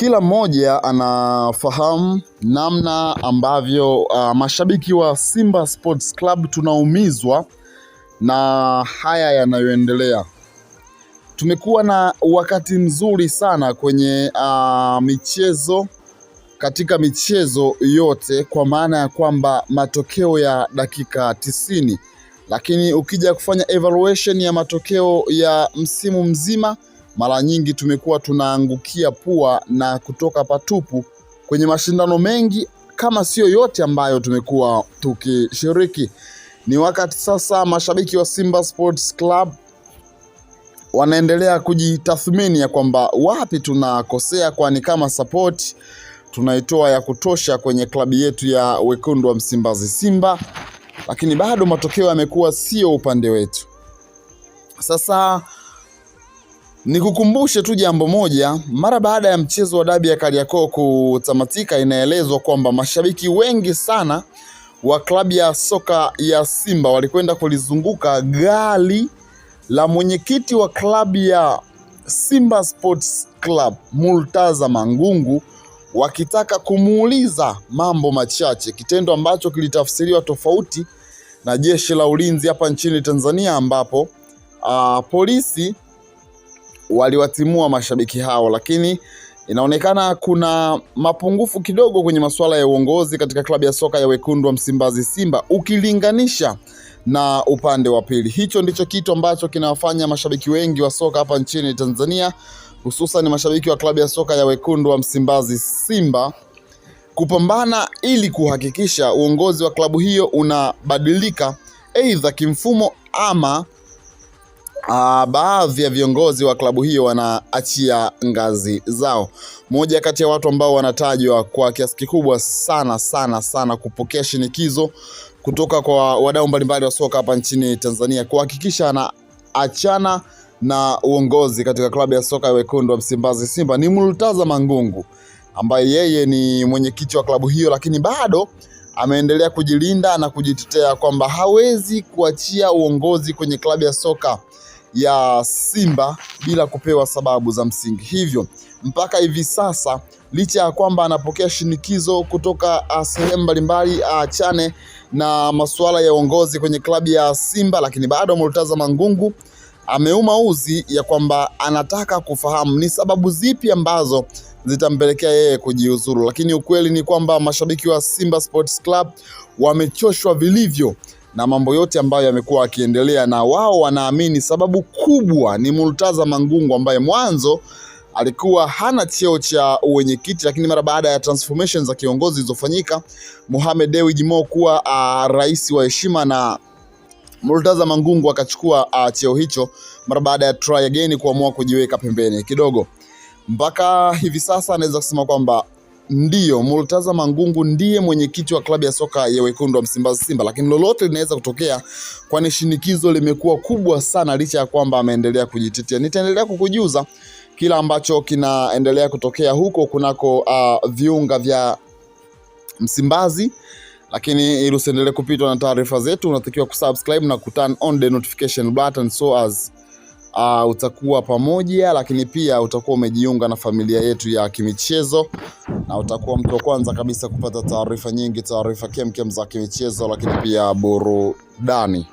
kila mmoja anafahamu namna ambavyo uh, mashabiki wa Simba Sports Club tunaumizwa na haya yanayoendelea. Tumekuwa na wakati mzuri sana kwenye uh, michezo katika michezo yote kwa maana ya kwamba matokeo ya dakika tisini, lakini ukija kufanya evaluation ya matokeo ya msimu mzima mara nyingi tumekuwa tunaangukia pua na kutoka patupu kwenye mashindano mengi kama sio yote ambayo tumekuwa tukishiriki. Ni wakati sasa mashabiki wa Simba Sports Club wanaendelea kujitathmini ya kwamba wapi tunakosea, kwani kama support tunaitoa ya kutosha kwenye klabu yetu ya wekundu wa Msimbazi Simba, lakini bado matokeo yamekuwa sio upande wetu. Sasa Nikukumbushe tu jambo moja, mara baada ya mchezo wa dabi ya Kariakoo kutamatika, inaelezwa kwamba mashabiki wengi sana wa klabu ya soka ya Simba walikwenda kulizunguka gari la mwenyekiti wa klabu ya Simba Sports Club Murtaza Mangungu wakitaka kumuuliza mambo machache, kitendo ambacho kilitafsiriwa tofauti na jeshi la ulinzi hapa nchini Tanzania ambapo a, ah, polisi waliwatimua mashabiki hao, lakini inaonekana kuna mapungufu kidogo kwenye masuala ya uongozi katika klabu ya soka ya wekundu wa Msimbazi Simba ukilinganisha na upande wa pili. Hicho ndicho kitu ambacho kinawafanya mashabiki wengi wa soka hapa nchini Tanzania, hususan mashabiki wa klabu ya soka ya wekundu wa Msimbazi Simba kupambana ili kuhakikisha uongozi wa klabu hiyo unabadilika, aidha kimfumo ama uh, baadhi ya viongozi wa klabu hiyo wanaachia ngazi zao. Moja kati ya watu ambao wanatajwa kwa kiasi kikubwa sana sana sana kupokea shinikizo kutoka kwa wadau mbalimbali wa soka hapa nchini Tanzania kuhakikisha anaachana na uongozi katika klabu ya soka ya wekundu wa Msimbazi Simba ni Murtaza Mangungu ambaye yeye ni mwenyekiti wa klabu hiyo, lakini bado ameendelea kujilinda na kujitetea kwamba hawezi kuachia uongozi kwenye klabu ya soka ya Simba bila kupewa sababu za msingi. Hivyo mpaka hivi sasa, licha ya kwamba anapokea shinikizo kutoka sehemu mbalimbali aachane na masuala ya uongozi kwenye klabu ya Simba, lakini bado Murtaza Mangungu ameuma uzi ya kwamba anataka kufahamu ni sababu zipi ambazo zitampelekea yeye kujiuzuru, lakini ukweli ni kwamba mashabiki wa Simba Sports Club wamechoshwa vilivyo na mambo yote ambayo yamekuwa akiendelea na wao wanaamini sababu kubwa ni Murtaza Mangungu ambaye mwanzo alikuwa hana cheo cha uwenyekiti, lakini mara baada ya transformation za kiongozi zilizofanyika Mohamed Dewji Jimo kuwa uh, rais wa heshima na Murtaza Mangungu akachukua uh, cheo hicho mara baada ya try again kuamua kujiweka pembeni kidogo. Mpaka hivi sasa anaweza kusema kwamba Ndiyo, Murtaza Mangungu ndiye mwenyekiti wa klabu ya soka ya wekundu wa Msimbazi, Simba, lakini lolote linaweza kutokea, kwani shinikizo limekuwa kubwa sana, licha ya kwamba ameendelea kujitetea. Nitaendelea kukujuza kila ambacho kinaendelea kutokea huko kunako uh, viunga vya Msimbazi, lakini ili usiendelee kupitwa na taarifa zetu, unatakiwa kusubscribe na kuturn on the notification button so as uh, utakuwa pamoja, lakini pia utakuwa umejiunga na familia yetu ya kimichezo na utakuwa mtu wa kwanza kabisa kupata taarifa nyingi, taarifa kemkem za kimichezo, lakini pia burudani.